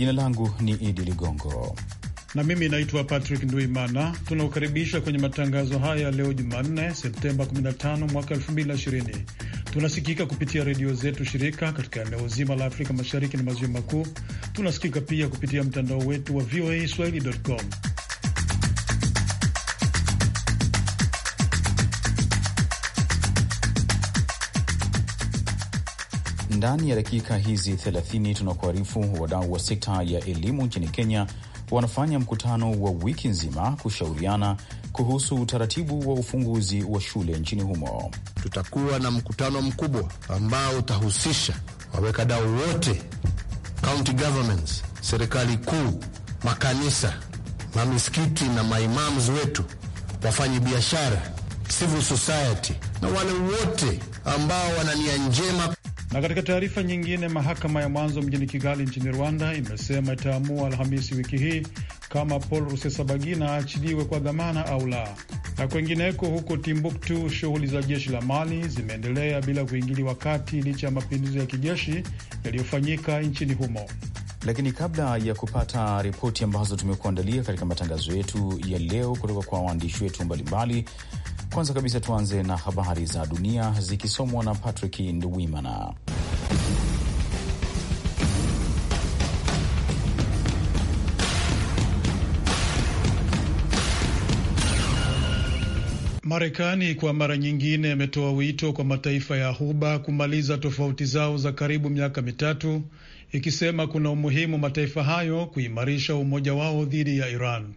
Jina langu ni Idi Ligongo na mimi naitwa Patrick Nduimana. Tunakukaribisha kwenye matangazo haya leo Jumanne, Septemba 15 mwaka 2020. Tunasikika kupitia redio zetu shirika katika eneo zima la Afrika Mashariki na Maziwa Makuu. Tunasikika pia kupitia mtandao wetu wa VOA swahili.com. Ndani ya dakika hizi 30 tunakuarifu wadau wa sekta ya elimu nchini Kenya wanafanya mkutano wa wiki nzima kushauriana kuhusu utaratibu wa ufunguzi wa shule nchini humo. Tutakuwa na mkutano mkubwa ambao utahusisha waweka wote, county governments, serikali kuu, makanisa, mamisikiti na maimams wetu, wafanyi biashara, civil society na wale wote ambao wana nia njema. Na katika taarifa nyingine, mahakama ya mwanzo mjini Kigali nchini Rwanda imesema itaamua Alhamisi wiki hii kama Paul Rusesabagina aachiliwe kwa dhamana au la. Na kwengineko, huko Timbuktu, shughuli za jeshi la Mali zimeendelea bila kuingiliwa kati licha ya mapinduzi ya kijeshi yaliyofanyika nchini humo. Lakini kabla ya kupata ripoti ambazo tumekuandalia katika matangazo yetu ya leo kutoka kwa waandishi wetu mbalimbali, kwanza kabisa tuanze na habari za dunia zikisomwa na Patrick Nduwimana. Marekani kwa mara nyingine ametoa wito kwa mataifa ya huba kumaliza tofauti zao za karibu miaka mitatu, ikisema kuna umuhimu mataifa hayo kuimarisha umoja wao dhidi ya Iran.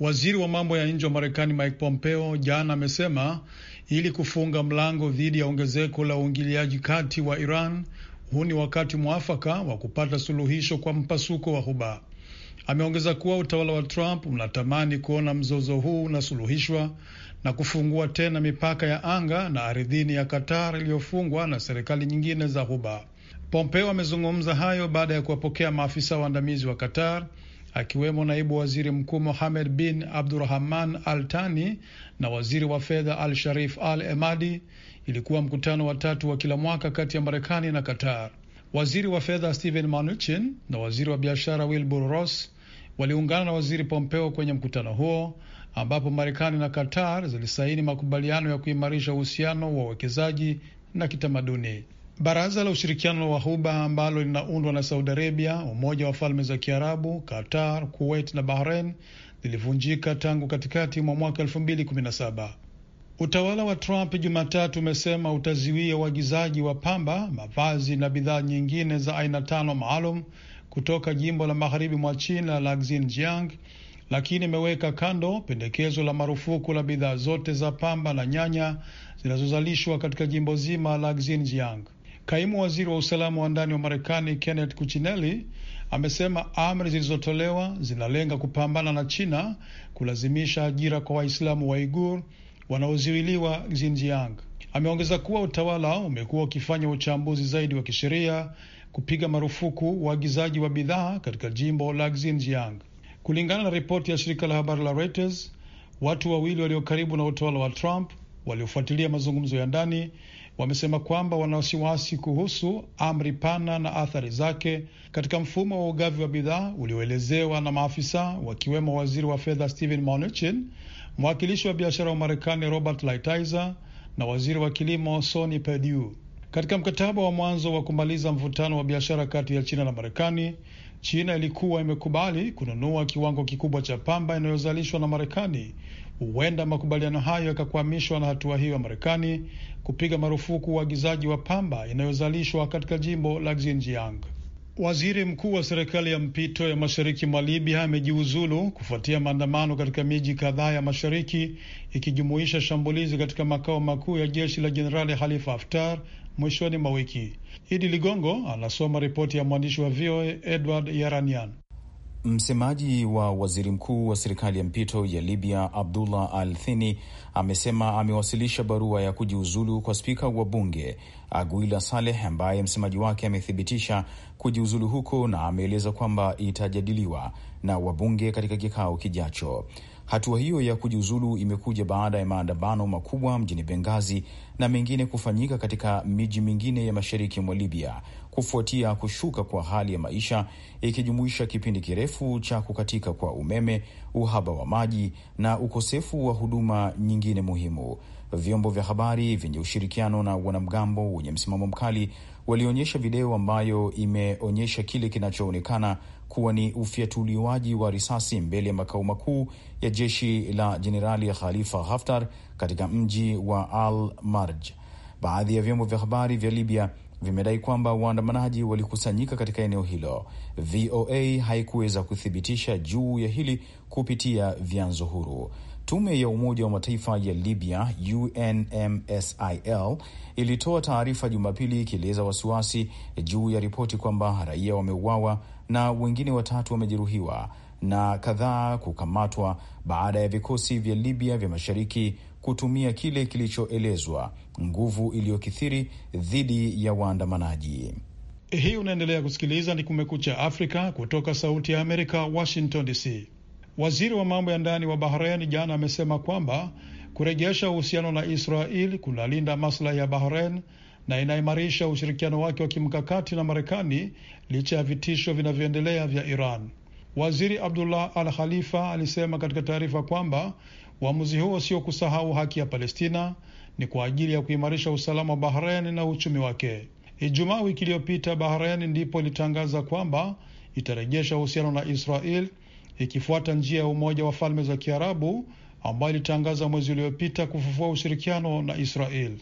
Waziri wa mambo ya nje wa Marekani Mike Pompeo jana amesema ili kufunga mlango dhidi ya ongezeko la uingiliaji kati wa Iran, huu ni wakati mwafaka wa kupata suluhisho kwa mpasuko wa huba. Ameongeza kuwa utawala wa Trump unatamani kuona mzozo huu unasuluhishwa na kufungua tena mipaka ya anga na ardhini ya Qatar iliyofungwa na serikali nyingine za huba. Pompeo amezungumza hayo baada ya kuwapokea maafisa waandamizi wa Qatar akiwemo naibu waziri mkuu Mohamed bin Abdurahman Al Tani na waziri wa fedha Al Sharif Al Emadi. Ilikuwa mkutano wa tatu wa kila mwaka kati ya Marekani na Qatar. Waziri wa fedha stephen Mnuchin na waziri wa biashara Wilbur Ross waliungana na waziri Pompeo kwenye mkutano huo ambapo Marekani na Qatar zilisaini makubaliano ya kuimarisha uhusiano wa uwekezaji na kitamaduni. Baraza la ushirikiano wa Ghuba ambalo linaundwa na Saudi Arabia, Umoja wa Falme za Kiarabu, Qatar, Kuwait na Bahrain lilivunjika tangu katikati mwa mwaka 2017. Utawala wa Trump Jumatatu umesema utaziwia uagizaji wa pamba, mavazi na bidhaa nyingine za aina tano maalum kutoka jimbo la magharibi mwa China la Xinjiang, lakini imeweka kando pendekezo la marufuku la bidhaa zote za pamba na nyanya zinazozalishwa katika jimbo zima la Xinjiang. Kaimu waziri wa usalama wa ndani wa Marekani Kenneth kuchineli amesema amri zilizotolewa zinalenga kupambana na China kulazimisha ajira kwa Waislamu wa Uighur wanaozuiliwa Xinjiang. Ameongeza kuwa utawala umekuwa ukifanya uchambuzi zaidi wa kisheria kupiga marufuku uagizaji wa, wa bidhaa katika jimbo la Xinjiang. Kulingana na ripoti ya shirika la habari la Reuters, watu wawili walio karibu na utawala wa Trump waliofuatilia mazungumzo ya ndani wamesema kwamba wana wasiwasi kuhusu amri pana na athari zake katika mfumo wa ugavi wa bidhaa ulioelezewa na maafisa wakiwemo waziri wa fedha Steven Mnuchin, mwakilishi wa biashara wa Marekani Robert Lighthizer na waziri wa kilimo Sonny Perdue. Katika mkataba wa mwanzo wa kumaliza mvutano wa biashara kati ya China na Marekani, China ilikuwa imekubali kununua kiwango kikubwa cha pamba inayozalishwa na Marekani Huenda makubaliano hayo yakakwamishwa na hatua hiyo ya Marekani kupiga marufuku uagizaji wa, wa pamba inayozalishwa katika jimbo la Xinjiang. Waziri mkuu wa serikali ya mpito ya mashariki mwa Libya amejiuzulu kufuatia maandamano katika miji kadhaa ya mashariki ikijumuisha shambulizi katika makao makuu ya jeshi la Jenerali Khalifa Haftar mwishoni mwa wiki. Idi Ligongo anasoma ripoti ya mwandishi wa VOA Edward Yaranian. Msemaji wa waziri mkuu wa serikali ya mpito ya Libya Abdullah Al Thini amesema amewasilisha barua ya kujiuzulu kwa spika wa bunge Aguila Saleh ambaye msemaji wake amethibitisha kujiuzulu huko na ameeleza kwamba itajadiliwa na wabunge katika kikao kijacho. Hatua hiyo ya kujiuzulu imekuja baada ya maandamano makubwa mjini Bengazi na mengine kufanyika katika miji mingine ya mashariki mwa Libya kufuatia kushuka kwa hali ya maisha ikijumuisha kipindi kirefu cha kukatika kwa umeme, uhaba wa maji na ukosefu wa huduma nyingine muhimu. Vyombo vya habari vyenye ushirikiano na wanamgambo wenye msimamo mkali walionyesha video ambayo imeonyesha kile kinachoonekana kuwa ni ufyatuliwaji wa risasi mbele ya makao makuu ya jeshi la Jenerali Khalifa Haftar katika mji wa Al Marj. Baadhi ya vyombo vya habari vya Libya vimedai kwamba waandamanaji walikusanyika katika eneo hilo. VOA haikuweza kuthibitisha juu ya hili kupitia vyanzo huru. Tume ya Umoja wa Mataifa ya Libya, UNMSIL, ilitoa taarifa Jumapili ikieleza wasiwasi juu ya ripoti kwamba raia wameuawa na wengine watatu wamejeruhiwa na kadhaa kukamatwa baada ya vikosi vya Libya vya mashariki kutumia kile kilichoelezwa nguvu iliyokithiri dhidi ya waandamanaji. Hii unaendelea kusikiliza ni Kumekucha Afrika kutoka Sauti ya Amerika, Washington DC. Waziri wa mambo ya ndani wa Bahrain jana amesema kwamba kurejesha uhusiano na Israel kunalinda maslahi ya Bahrain na inaimarisha ushirikiano wake wa kimkakati na Marekani licha ya vitisho vinavyoendelea vya Iran. Waziri Abdullah Al Khalifa alisema katika taarifa kwamba Uamuzi huo sio kusahau haki ya Palestina, ni kwa ajili ya kuimarisha usalama wa Bahrain na uchumi wake. Ijumaa wiki iliyopita, Bahrain ndipo ilitangaza kwamba itarejesha uhusiano na Israel ikifuata njia ya Umoja wa Falme za Kiarabu ambayo ilitangaza mwezi uliopita kufufua ushirikiano na Israel.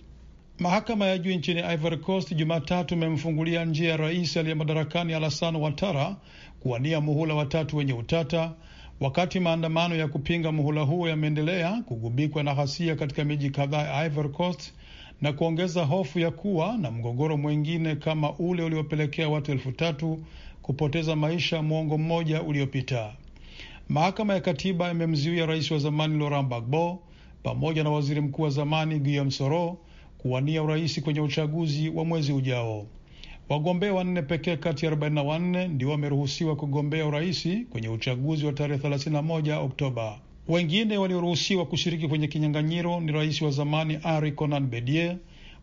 Mahakama ya juu nchini Ivory Coast Jumatatu imemfungulia njia ya rais aliye madarakani Alassane Ouattara kuwania muhula watatu wenye utata wakati maandamano ya kupinga muhula huo yameendelea kugubikwa na ghasia katika miji kadhaa ya Ivory Coast na kuongeza hofu ya kuwa na mgogoro mwingine kama ule uliopelekea watu elfu tatu kupoteza maisha mwongo mmoja uliopita. Mahakama ya Katiba imemzuia rais wa zamani Laurent Gbagbo pamoja na waziri mkuu wa zamani Guillaume Soro kuwania urais kwenye uchaguzi wa mwezi ujao. Wagombea wanne pekee kati ya 44 ndio wameruhusiwa kugombea uraisi kwenye uchaguzi wa tarehe 31 Oktoba. Wengine walioruhusiwa kushiriki kwenye kinyang'anyiro ni rais wa zamani Ari conan Bedie,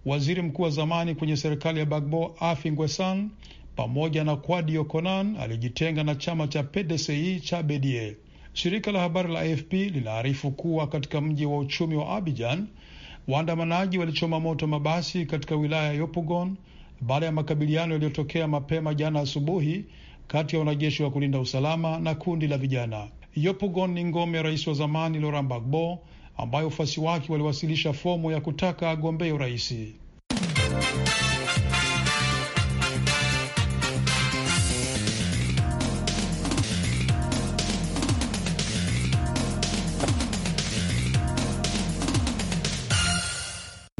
waziri mkuu wa zamani kwenye serikali ya Bagbo Afi Ngwesan, pamoja na Kwadio conan alijitenga na chama cha PDCI cha Bedie. Shirika la habari la AFP linaarifu kuwa katika mji wa uchumi wa Abidjan waandamanaji walichoma moto mabasi katika wilaya ya Yopugon baada ya makabiliano yaliyotokea mapema jana asubuhi kati ya wanajeshi wa kulinda usalama na kundi la vijana. Yopogon ni ngome ya rais wa zamani Laurent Gbagbo ambayo wafuasi wake waliwasilisha fomu ya kutaka agombee uraisi.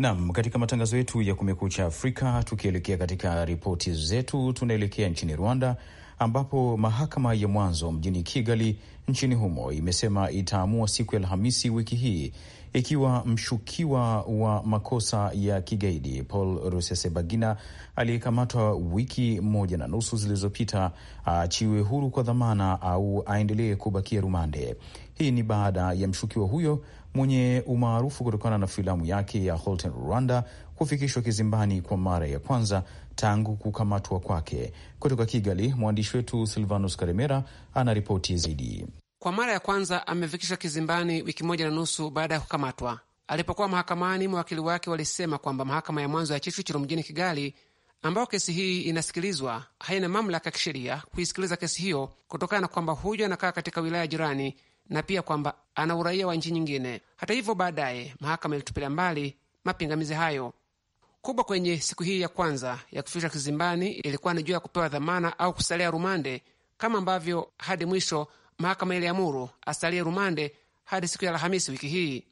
Naam, katika matangazo yetu ya Kumekucha Afrika, tukielekea katika ripoti zetu, tunaelekea nchini Rwanda ambapo mahakama ya mwanzo mjini Kigali nchini humo imesema itaamua siku ya Alhamisi wiki hii ikiwa mshukiwa wa makosa ya kigaidi Paul rusesebagina aliyekamatwa wiki moja na nusu zilizopita aachiwe huru kwa dhamana au aendelee kubakia rumande. Hii ni baada ya mshukiwa huyo mwenye umaarufu kutokana na filamu yake ya Hotel Rwanda kufikishwa kizimbani kwa mara ya kwanza tangu kukamatwa kwake. Kutoka Kigali, mwandishi wetu Silvanus Karemera anaripoti zaidi. Kwa mara ya kwanza amefikishwa kizimbani wiki moja na nusu baada ya kukamatwa. Alipokuwa mahakamani, mawakili wake walisema kwamba mahakama ya mwanzo ya Kicukiro mjini Kigali, ambayo kesi hii inasikilizwa, haina mamlaka ya kisheria kuisikiliza kesi hiyo kutokana na kwamba huyo anakaa katika wilaya jirani na pia kwamba ana uraia wa nchi nyingine. Hata hivyo, baadaye mahakama ilitupilia mbali mapingamizi hayo. Kubwa kwenye siku hii ya kwanza ya kufikishwa kizimbani ilikuwa ni juu ya kupewa dhamana au kusalia rumande, kama ambavyo hadi mwisho mahakama iliamuru asalie rumande hadi siku ya Alhamisi wiki hii.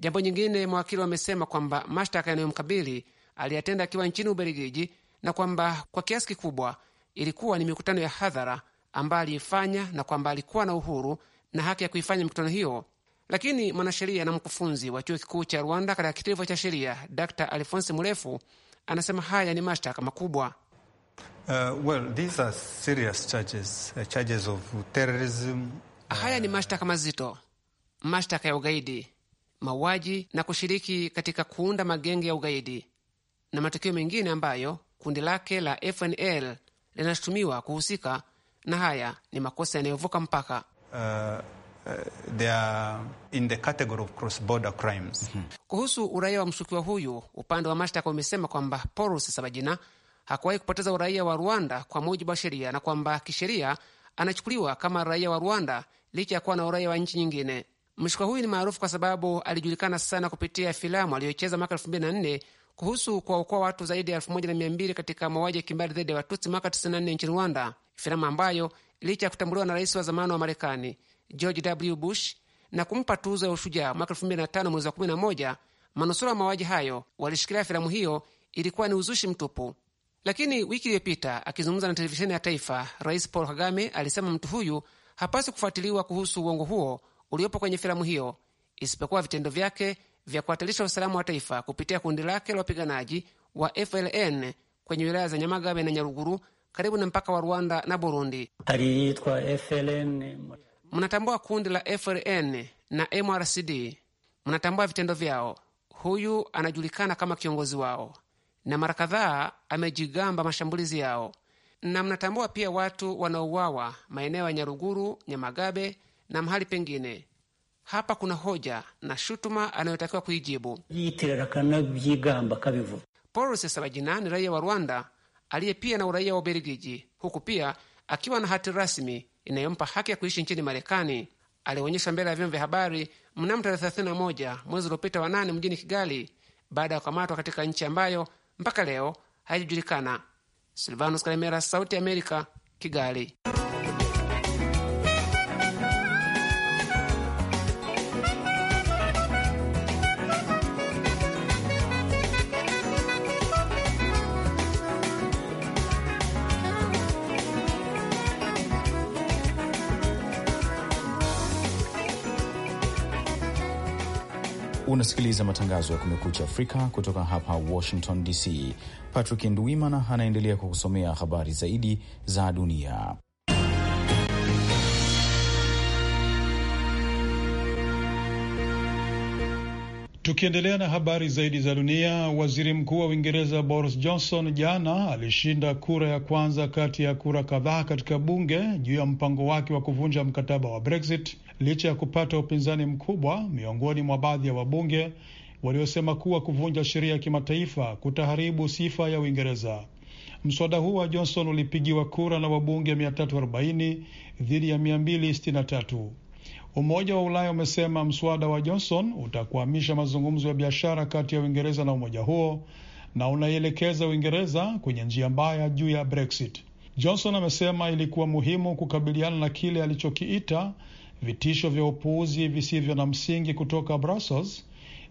Jambo nyingine, mawakili wamesema kwamba mashtaka yanayomkabili aliyatenda akiwa nchini Ubelgiji na kwamba kwa kiasi kikubwa ilikuwa ni mikutano ya hadhara ambayo aliifanya na kwamba alikuwa na uhuru na haki ya kuifanya mikutano hiyo, lakini mwanasheria na mkufunzi wa chuo kikuu cha Rwanda katika kitivo cha sheria Dr alfonsi Murefu anasema haya ni mashtaka makubwa. Uh, well, these are serious charges. Uh, charges of terrorism. Uh, haya ni mashtaka mazito, mashtaka ya ugaidi, mauaji na kushiriki katika kuunda magenge ya ugaidi na matukio mengine ambayo kundi lake la FNL linashutumiwa kuhusika, na haya ni makosa yanayovuka mpaka. Uh, uh, they are in the category of cross-border crimes. Mm -hmm. Kuhusu uraia wa mshukiwa huyu, upande wa mashtaka umesema kwamba Paul Sabajina hakuwahi kupoteza uraia wa Rwanda kwa mujibu wa sheria na kwamba kisheria anachukuliwa kama raia wa Rwanda licha ya kuwa na uraia wa nchi nyingine. Mshukiwa huyu ni maarufu kwa sababu alijulikana sana kupitia filamu aliyocheza mwaka 2004 kuhusu kuwaokoa watu zaidi ya 1200 katika mauaji ya kimbari dhidi ya Watutsi mwaka 94 nchini Rwanda, filamu ambayo licha ya kutambuliwa na rais wa zamani wa Marekani George W. Bush na kumpa tuzo ya ushujaa mwaka tano mwezi wa moja. Manusura wa mauaji hayo walishikilia filamu hiyo ilikuwa ni uzushi mtupu. Lakini wiki iliyopita, akizungumza na televisheni ya taifa, Rais Paul Kagame alisema mtu huyu hapaswi kufuatiliwa kuhusu uongo huo uliopo kwenye filamu hiyo, isipokuwa vitendo vyake vya kuhatarisha usalama wa taifa kupitia kundi lake la wapiganaji wa FLN kwenye wilaya za Nyamagabe na Nyaruguru karibu na mpaka wa Rwanda na Burundi. Mnatambua kundi la FLN na MRCD, mnatambua vitendo vyao. Huyu anajulikana kama kiongozi wao, na mara kadhaa amejigamba mashambulizi yao, na mnatambua pia watu wanaouawa maeneo ya Nyaruguru, Nyamagabe na mahali pengine. Hapa kuna hoja na shutuma anayotakiwa kuijibu. Paul Rusesabagina ni raia wa Rwanda aliye pia na uraia wa Ubelgiji, huku pia akiwa na hati rasmi inayompa haki ya kuishi nchini Marekani. Alionyesha mbele ya vyombo vya habari mnamo tarehe 31 mwezi uliopita wa nane mjini Kigali, baada ya kukamatwa katika nchi ambayo mpaka leo haijajulikana. Silvanus Kalemera, Sauti ya Amerika, Kigali. Unasikiliza matangazo ya Kumekucha Afrika kutoka hapa Washington DC. Patrick Nduwimana anaendelea kukusomea habari zaidi za dunia. Tukiendelea na habari zaidi za dunia, waziri mkuu wa Uingereza Boris Johnson jana alishinda kura ya kwanza kati ya kura kadhaa katika bunge juu ya mpango wake wa kuvunja mkataba wa Brexit licha ya kupata upinzani mkubwa miongoni mwa baadhi ya wabunge waliosema kuwa kuvunja sheria ya kimataifa kutaharibu sifa ya Uingereza. Mswada huu wa Johnson ulipigiwa kura na wabunge 340 dhidi ya 263. Umoja wa Ulaya umesema mswada wa Johnson utakwamisha mazungumzo ya biashara kati ya Uingereza na umoja huo na unaielekeza Uingereza kwenye njia mbaya juu ya Brexit. Johnson amesema ilikuwa muhimu kukabiliana na kile alichokiita vitisho vya upuuzi visivyo na msingi kutoka Brussels,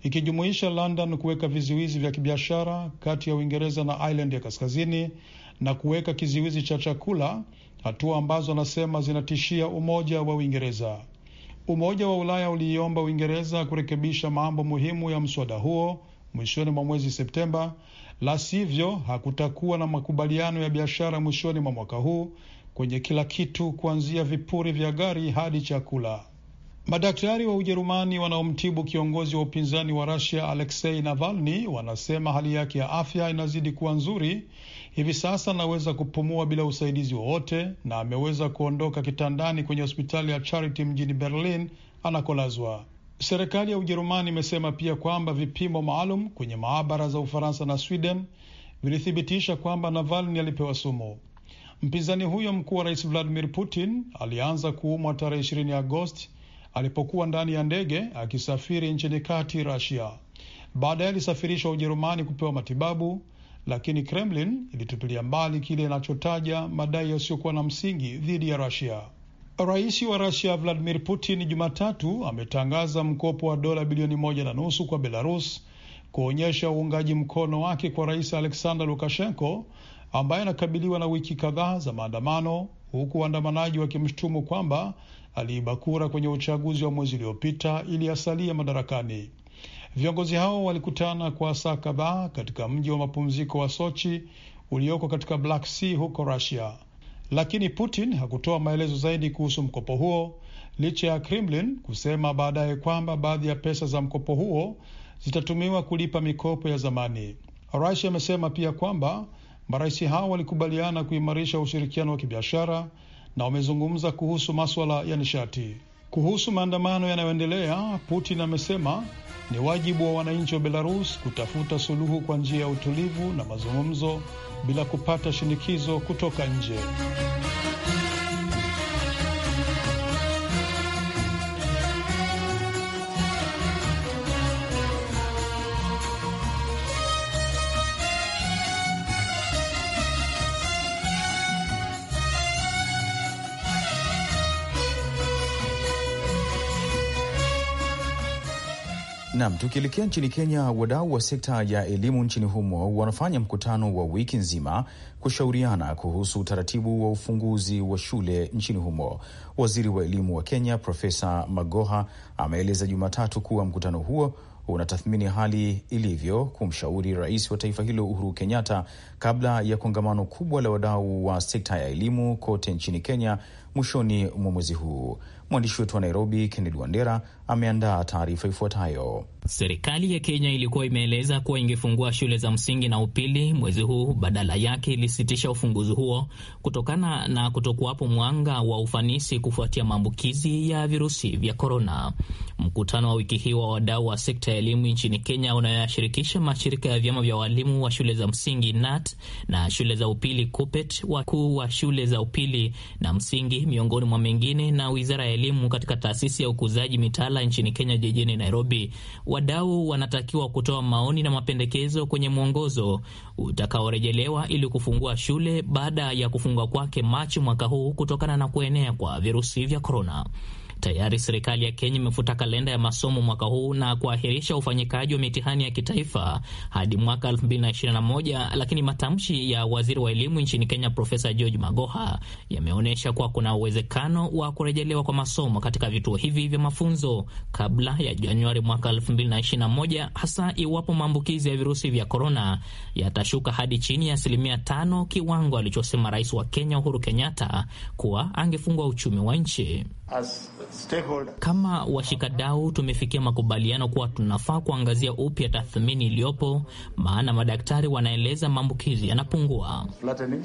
ikijumuisha London kuweka vizuizi vya kibiashara kati ya Uingereza na Ireland ya Kaskazini na kuweka kizuizi cha chakula, hatua ambazo anasema zinatishia umoja wa Uingereza. Umoja wa Ulaya uliiomba Uingereza kurekebisha mambo muhimu ya mswada huo mwishoni mwa mwezi Septemba, la sivyo hakutakuwa na makubaliano ya biashara mwishoni mwa mwaka huu kwenye kila kitu kuanzia vipuri vya gari hadi chakula. Madaktari wa Ujerumani wanaomtibu kiongozi wa upinzani wa rasia Alexei Navalny wanasema hali yake ya afya inazidi kuwa nzuri hivi sasa anaweza kupumua bila usaidizi wowote na ameweza kuondoka kitandani kwenye hospitali ya Charity mjini Berlin anakolazwa. Serikali ya Ujerumani imesema pia kwamba vipimo maalum kwenye maabara za Ufaransa na Sweden vilithibitisha kwamba Navalny alipewa sumu. Mpinzani huyo mkuu wa rais Vladimir Putin alianza kuumwa tarehe 20 Agosti alipokuwa ndani ya ndege akisafiri nchini kati Rasia. Baadaye alisafirishwa Ujerumani kupewa matibabu lakini Kremlin ilitupilia mbali kile inachotaja madai yasiyokuwa na msingi dhidi ya Rusia. Rais wa Rusia Vladimir Putin Jumatatu ametangaza mkopo wa dola bilioni moja na nusu kwa Belarus kuonyesha uungaji mkono wake kwa rais Alexander Lukashenko ambaye anakabiliwa na wiki kadhaa za maandamano, huku waandamanaji wakimshutumu kwamba aliiba kura kwenye uchaguzi wa mwezi uliopita ili asalie madarakani. Viongozi hao walikutana kwa saa kadhaa katika mji wa mapumziko wa Sochi ulioko katika Black Sea huko Russia, lakini Putin hakutoa maelezo zaidi kuhusu mkopo huo licha ya Kremlin kusema baadaye kwamba baadhi ya pesa za mkopo huo zitatumiwa kulipa mikopo ya zamani. Rasia amesema pia kwamba marais hao walikubaliana kuimarisha ushirikiano wa kibiashara na wamezungumza kuhusu maswala ya nishati. Kuhusu maandamano yanayoendelea, Putin amesema ni wajibu wa wananchi wa Belarus kutafuta suluhu kwa njia ya utulivu na mazungumzo bila kupata shinikizo kutoka nje. Nam, tukielekea nchini Kenya, wadau wa sekta ya elimu nchini humo wanafanya mkutano wa wiki nzima kushauriana kuhusu utaratibu wa ufunguzi wa shule nchini humo. Waziri wa elimu wa Kenya Profesa Magoha ameeleza Jumatatu kuwa mkutano huo unatathmini hali ilivyo, kumshauri rais wa taifa hilo Uhuru Kenyatta kabla ya kongamano kubwa la wadau wa sekta ya elimu kote nchini Kenya mwishoni mwa mwezi huu. Mwandishi wetu wa Nairobi, Kennedy Wandera, ameandaa taarifa ifuatayo. Serikali ya Kenya ilikuwa imeeleza kuwa ingefungua shule za msingi na upili mwezi huu, badala yake ilisitisha ufunguzi huo kutokana na kutokuwapo mwanga wa ufanisi kufuatia maambukizi ya virusi vya korona. Mkutano wa wiki hii wa wadau wa sekta ya elimu nchini Kenya unayoyashirikisha mashirika ya vyama vya walimu wa shule za msingi NAT na shule za upili KUPPET, wakuu wa shule za upili na msingi, miongoni mwa mengine, na wizara ya elimu katika taasisi ya ukuzaji mitaala nchini Kenya jijini Nairobi wadau wanatakiwa kutoa maoni na mapendekezo kwenye mwongozo utakaorejelewa ili kufungua shule baada ya kufungwa kwake Machi mwaka huu kutokana na kuenea kwa virusi vya korona. Tayari serikali ya Kenya imefuta kalenda ya masomo mwaka huu na kuahirisha ufanyikaji wa mitihani ya kitaifa hadi mwaka 2021, lakini matamshi ya waziri wa elimu nchini Kenya Profesa George Magoha yameonyesha kuwa kuna uwezekano wa kurejelewa kwa masomo katika vituo hivi vya mafunzo kabla ya Januari mwaka 2021, hasa iwapo maambukizi ya virusi vya korona yatashuka hadi chini ya asilimia tano, kiwango alichosema rais wa Kenya Uhuru Kenyatta kuwa angefungua uchumi wa nchi kama washikadau tumefikia makubaliano kuwa tunafaa kuangazia upya tathmini iliyopo, maana madaktari wanaeleza maambukizi yanapungua.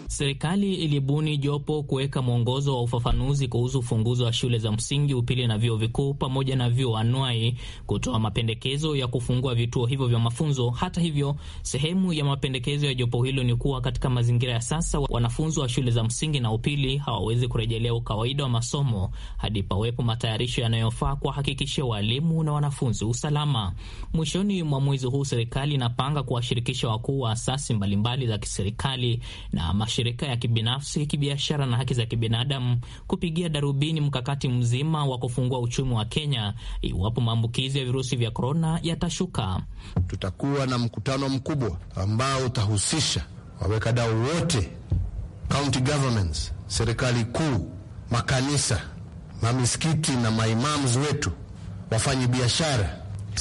Serikali ilibuni jopo kuweka mwongozo wa ufafanuzi kuhusu ufunguzi wa shule za msingi, upili na vyuo vikuu pamoja na vyuo anuai, kutoa mapendekezo ya kufungua vituo hivyo vya mafunzo. Hata hivyo, sehemu ya mapendekezo ya jopo hilo ni kuwa katika mazingira ya sasa wanafunzi wa shule za msingi na upili hawawezi kurejelea ukawaida wa masomo hadi pawepo matayarisho yanayofaa kuwahakikishia walimu na wanafunzi usalama. Mwishoni mwa mwezi huu, serikali inapanga kuwashirikisha wakuu wa asasi mbalimbali za kiserikali na mashirika ya kibinafsi, kibiashara na haki za kibinadamu kupigia darubini mkakati mzima wa kufungua uchumi wa Kenya iwapo maambukizi ya virusi vya korona yatashuka. Tutakuwa na mkutano mkubwa ambao utahusisha waweka wote, county governments, serikali kuu, makanisa mamisikiti na maimams wetu, wafanyi biashara,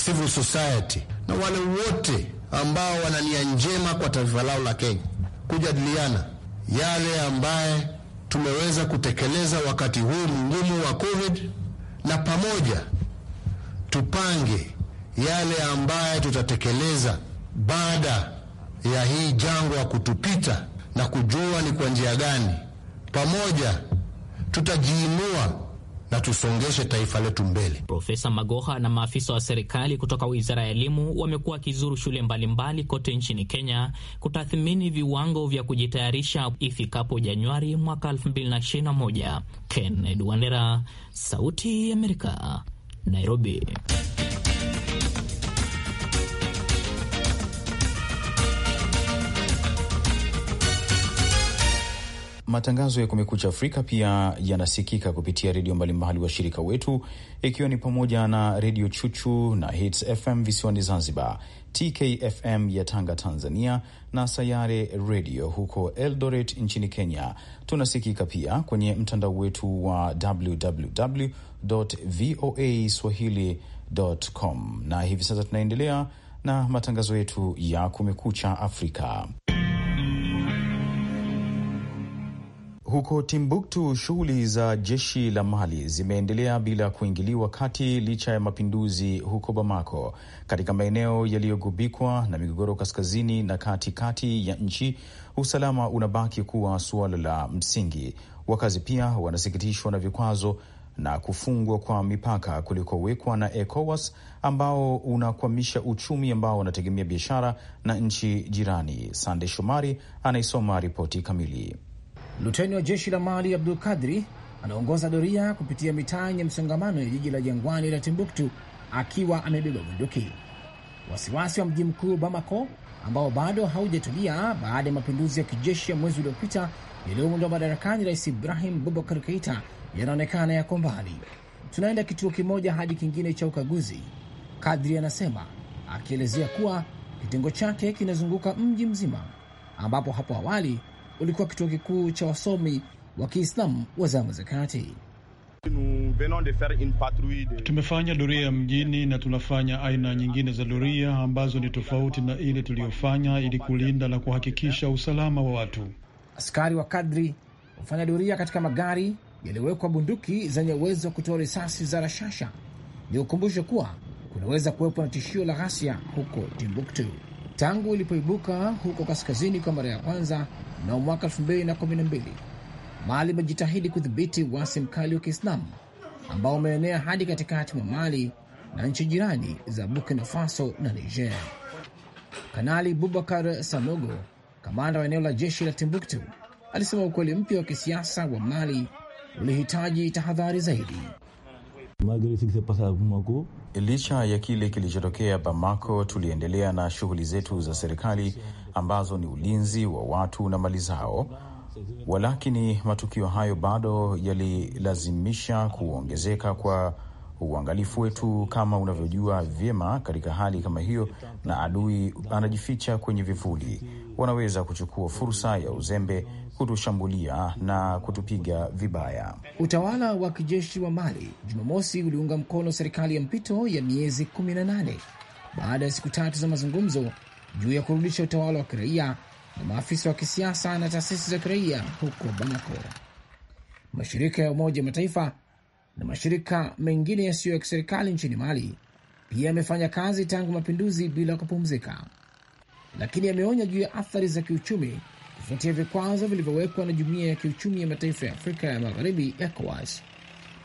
civil society na wale wote ambao wana nia njema kwa taifa lao la Kenya, kujadiliana yale ambaye tumeweza kutekeleza wakati huu mgumu wa COVID, na pamoja tupange yale ambaye tutatekeleza baada ya hii jangwa kutupita na kujua ni kwa njia gani pamoja tutajiinua na tusongeshe taifa letu mbele. Profesa Magoha na maafisa wa serikali kutoka wizara ya elimu wamekuwa wakizuru shule mbalimbali kote nchini Kenya kutathmini viwango vya kujitayarisha ifikapo Januari mwaka 2021. Kennedy Wandera, Sauti ya Amerika, Nairobi. Matangazo ya Kumekucha Afrika pia yanasikika kupitia redio mbalimbali washirika wetu, ikiwa ni pamoja na Redio Chuchu na Hits FM visiwani Zanzibar, TKFM ya Tanga, Tanzania, na Sayare Redio huko Eldoret nchini Kenya. Tunasikika pia kwenye mtandao wetu wa www voa swahili.com, na hivi sasa tunaendelea na matangazo yetu ya Kumekucha Afrika. Huko Timbuktu, shughuli za jeshi la Mali zimeendelea bila kuingiliwa kati licha ya mapinduzi huko Bamako, katika maeneo yaliyogubikwa na migogoro kaskazini na katikati kati ya nchi. Usalama unabaki kuwa suala la msingi. Wakazi pia wanasikitishwa na vikwazo na kufungwa kwa mipaka kulikowekwa na ECOWAS ambao unakwamisha uchumi ambao unategemea biashara na nchi jirani. Sande Shomari anaisoma ripoti kamili. Luteni wa jeshi la Mali Abdul Kadri anaongoza doria kupitia mitaa yenye msongamano ya jiji la jangwani la Timbuktu akiwa amebeba bunduki. Wasiwasi wa mji mkuu Bamako ambao bado haujatulia baada ya mapinduzi ya kijeshi ya mwezi uliopita yaliyoundwa madarakani rais Ibrahim Bubakar Keita yanaonekana yako mbali. Tunaenda kituo kimoja hadi kingine cha ukaguzi, Kadri anasema, akielezea kuwa kitengo chake kinazunguka mji mzima ambapo hapo awali ulikuwa kituo kikuu cha wasomi wa Kiislamu wa zama za kati. Tumefanya doria ya mjini na tunafanya aina nyingine za doria ambazo ni tofauti na ile tuliyofanya ili kulinda na kuhakikisha usalama wa watu. Askari wa kadri hufanya doria katika magari yaliyowekwa bunduki zenye uwezo wa kutoa risasi za rashasha. Ni ukumbushe kuwa kunaweza kuwepo na tishio la ghasia huko Timbuktu tangu ilipoibuka huko kaskazini kwa mara ya kwanza na mwaka 2012. Mali imejitahidi kudhibiti uasi mkali wa Kiislamu ambao umeenea hadi katikati mwa Mali na nchi jirani za Burkina Faso na Niger. Kanali Bubakar Sanogo, kamanda wa eneo la jeshi la Timbuktu, alisema ukweli mpya wa kisiasa wa Mali ulihitaji tahadhari zaidi. Licha ya kile kilichotokea Bamako, tuliendelea na shughuli zetu za serikali ambazo ni ulinzi wa watu na mali zao, walakini matukio hayo bado yalilazimisha kuongezeka kwa uangalifu wetu. Kama unavyojua vyema, katika hali kama hiyo na adui anajificha kwenye vivuli. Wanaweza kuchukua fursa ya uzembe kutushambulia na kutupiga vibaya. Utawala wa kijeshi wa Mali Jumamosi uliunga mkono serikali ya mpito ya miezi 18 baada ya siku tatu za mazungumzo juu ya kurudisha utawala wa kiraia na maafisa wa kisiasa na taasisi za kiraia huko Bamako. Mashirika ya Umoja wa Mataifa na mashirika mengine yasiyo ya kiserikali nchini Mali pia amefanya kazi tangu mapinduzi bila kupumzika, lakini ameonya juu ya athari za kiuchumi kufuatia vikwazo vilivyowekwa na Jumuiya ya Kiuchumi ya Mataifa ya Afrika ya Magharibi, ECOWAS.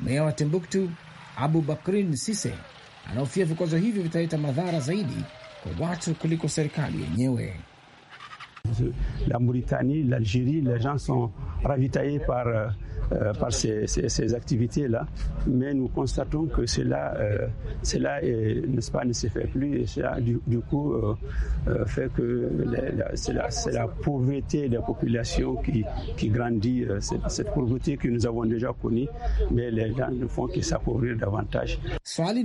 Meya wa Timbuktu Abu Bakrin Sise anahofia vikwazo hivyo vitaleta madhara zaidi kwa watu kuliko serikali yenyewe. La Mauritanie, l'Algerie, les gens sont ravitaillés par, euh, euh, par ces, ces, ces activités-là. Mais nous constatons que cela, euh, cela n'est-ce pas, ne se fait plus. Et cela, du, du coup, euh, euh fait que la, c'est la, la, pauvreté des populations qui, qui grandit. Euh, cette cette pauvreté que nous avons déjà connue, mais les gens ne font que s'appauvrir davantage. Swali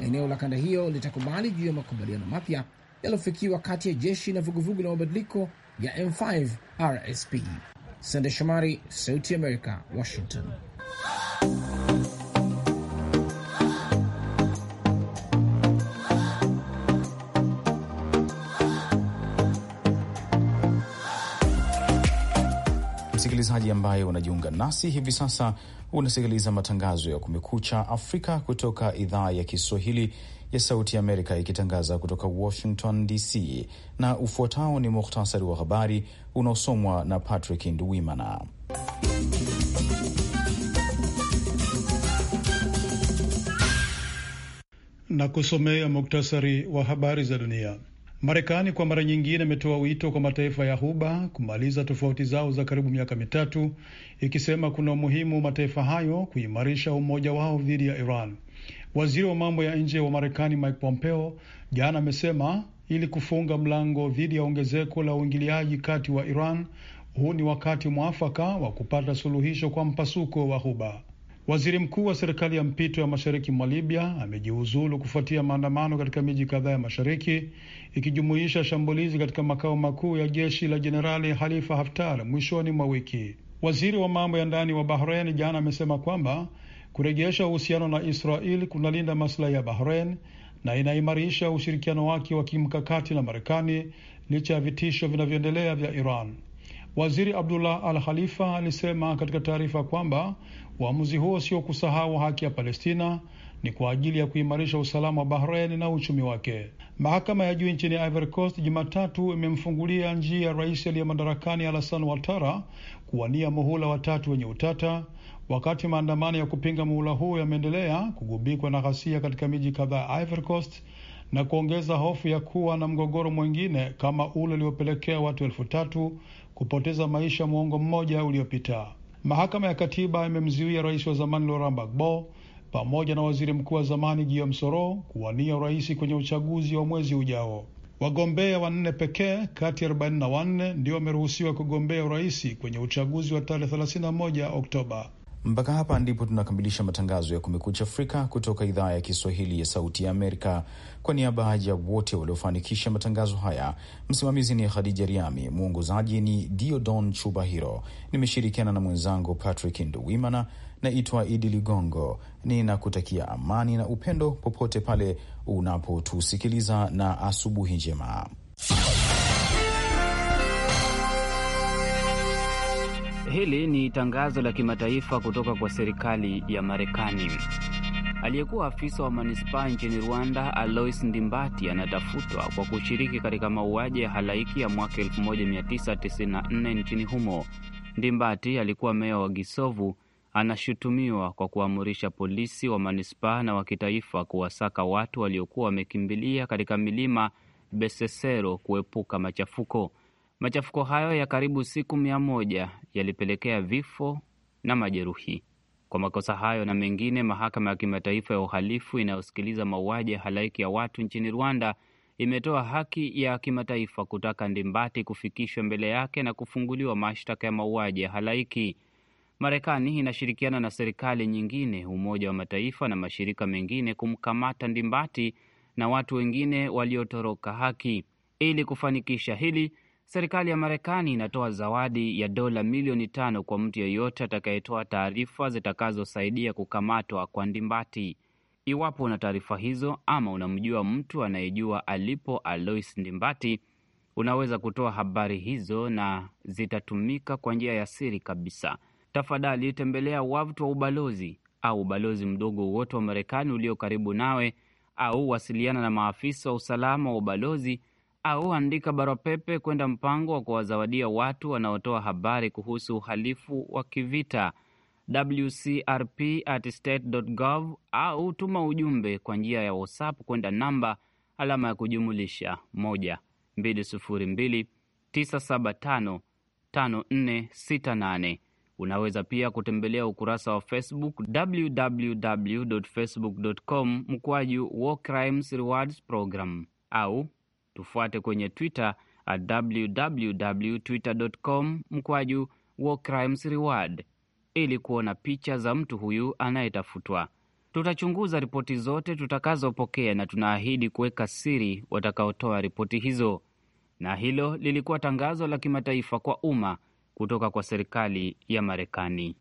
eneo la kanda litakubali juu ya makubaliano mapya yaliyofikiwa kati ya jeshi na vuguvugu la mabadiliko ya M5 RSP. Sande Shomari, Sauti America, Amerika, Washington. Msikilizaji ambaye unajiunga nasi hivi sasa, unasikiliza matangazo ya Kumekucha Afrika kutoka idhaa ya Kiswahili ya Sauti ya Amerika ikitangaza kutoka Washington DC, na ufuatao ni muhtasari wa habari unaosomwa na Patrick Nduwimana. na kusomea muktasari wa habari za dunia. Marekani kwa mara nyingine imetoa wito kwa mataifa ya Ghuba kumaliza tofauti zao za karibu miaka mitatu, ikisema kuna umuhimu mataifa hayo kuimarisha umoja wao dhidi ya Iran. Waziri wa mambo ya nje wa Marekani Mike Pompeo jana amesema ili kufunga mlango dhidi ya ongezeko la uingiliaji kati wa Iran, huu ni wakati mwafaka wa kupata suluhisho kwa mpasuko wa Ghuba. Waziri mkuu wa serikali ya mpito ya mashariki mwa Libya amejiuzulu kufuatia maandamano katika miji kadhaa ya mashariki, ikijumuisha shambulizi katika makao makuu ya jeshi la Jenerali Halifa Haftar mwishoni mwa wiki. Waziri wa mambo ya ndani wa Bahrain jana amesema kwamba Kurejesha uhusiano na Israel kunalinda maslahi ya Bahrain na inaimarisha ushirikiano wake wa kimkakati na Marekani licha ya vitisho vinavyoendelea vya Iran. Waziri Abdullah Al Khalifa alisema katika taarifa kwamba uamuzi huo sio kusahau haki ya Palestina, ni kwa ajili ya kuimarisha usalama wa Bahrain na uchumi wake. Mahakama ya juu nchini Ivory Coast Jumatatu imemfungulia njia rais aliye madarakani Alassane Ouattara kuwania muhula watatu wenye utata wakati maandamano ya kupinga muhula huo yameendelea kugubikwa na ghasia katika miji kadhaa Ivory Coast na kuongeza hofu ya kuwa na mgogoro mwingine kama ule uliopelekea watu elfu tatu kupoteza maisha mwongo mmoja uliopita. Mahakama ya Katiba imemzuia rais wa zamani Laurent Gbagbo pamoja na waziri mkuu wa zamani Guillaume Soro kuwania urais kwenye uchaguzi wa mwezi ujao. Wagombea wanne pekee kati ya 44 ndio wameruhusiwa kugombea urais kwenye uchaguzi wa tarehe 31 Oktoba. Mpaka hapa ndipo tunakamilisha matangazo ya Kumekucha Afrika kutoka idhaa ya Kiswahili ya Sauti ya Amerika. Kwa niaba ya wote waliofanikisha matangazo haya, msimamizi ni Khadija Riami, mwongozaji ni Diodon Chubahiro. Nimeshirikiana na mwenzangu Patrick Nduwimana. Naitwa Idi Ligongo, ninakutakia amani na upendo popote pale unapotusikiliza, na asubuhi njema. Hili ni tangazo la kimataifa kutoka kwa serikali ya Marekani. Aliyekuwa afisa wa manispaa nchini Rwanda, Alois Ndimbati, anatafutwa kwa kushiriki katika mauaji ya halaiki ya mwaka 1994 nchini humo. Ndimbati alikuwa meya wa Gisovu, anashutumiwa kwa kuamurisha polisi wa manispaa na wa kitaifa kuwasaka watu waliokuwa wamekimbilia katika milima Besesero kuepuka machafuko. Machafuko hayo ya karibu siku mia moja yalipelekea vifo na majeruhi. Kwa makosa hayo na mengine, mahakama ya kimataifa ya uhalifu inayosikiliza mauaji ya halaiki ya watu nchini Rwanda imetoa haki ya kimataifa kutaka Ndimbati kufikishwa mbele yake na kufunguliwa mashtaka ya mauaji ya halaiki. Marekani inashirikiana na serikali nyingine, Umoja wa Mataifa na mashirika mengine kumkamata Ndimbati na watu wengine waliotoroka haki. Ili kufanikisha hili, Serikali ya Marekani inatoa zawadi ya dola milioni tano kwa mtu yeyote atakayetoa taarifa zitakazosaidia kukamatwa kwa Ndimbati. Iwapo una taarifa hizo ama unamjua mtu anayejua alipo Alois Ndimbati, unaweza kutoa habari hizo na zitatumika kwa njia ya siri kabisa. Tafadhali tembelea wavuti wa ubalozi au ubalozi mdogo wowote wa Marekani ulio karibu nawe, au wasiliana na maafisa wa usalama wa ubalozi au andika barua pepe kwenda mpango wa kuwazawadia watu wanaotoa habari kuhusu uhalifu wa kivita WCRP at state.gov au tuma ujumbe kwa njia ya WhatsApp kwenda namba alama ya kujumulisha 12029755468. Unaweza pia kutembelea ukurasa wa Facebook www.facebook.com mkwaju War Crimes Rewards Program au Tufuate kwenye Twitter at www twitter com mkwaju war crimes reward ili kuona picha za mtu huyu anayetafutwa. Tutachunguza ripoti zote tutakazopokea na tunaahidi kuweka siri watakaotoa ripoti hizo. Na hilo lilikuwa tangazo la kimataifa kwa umma kutoka kwa serikali ya Marekani.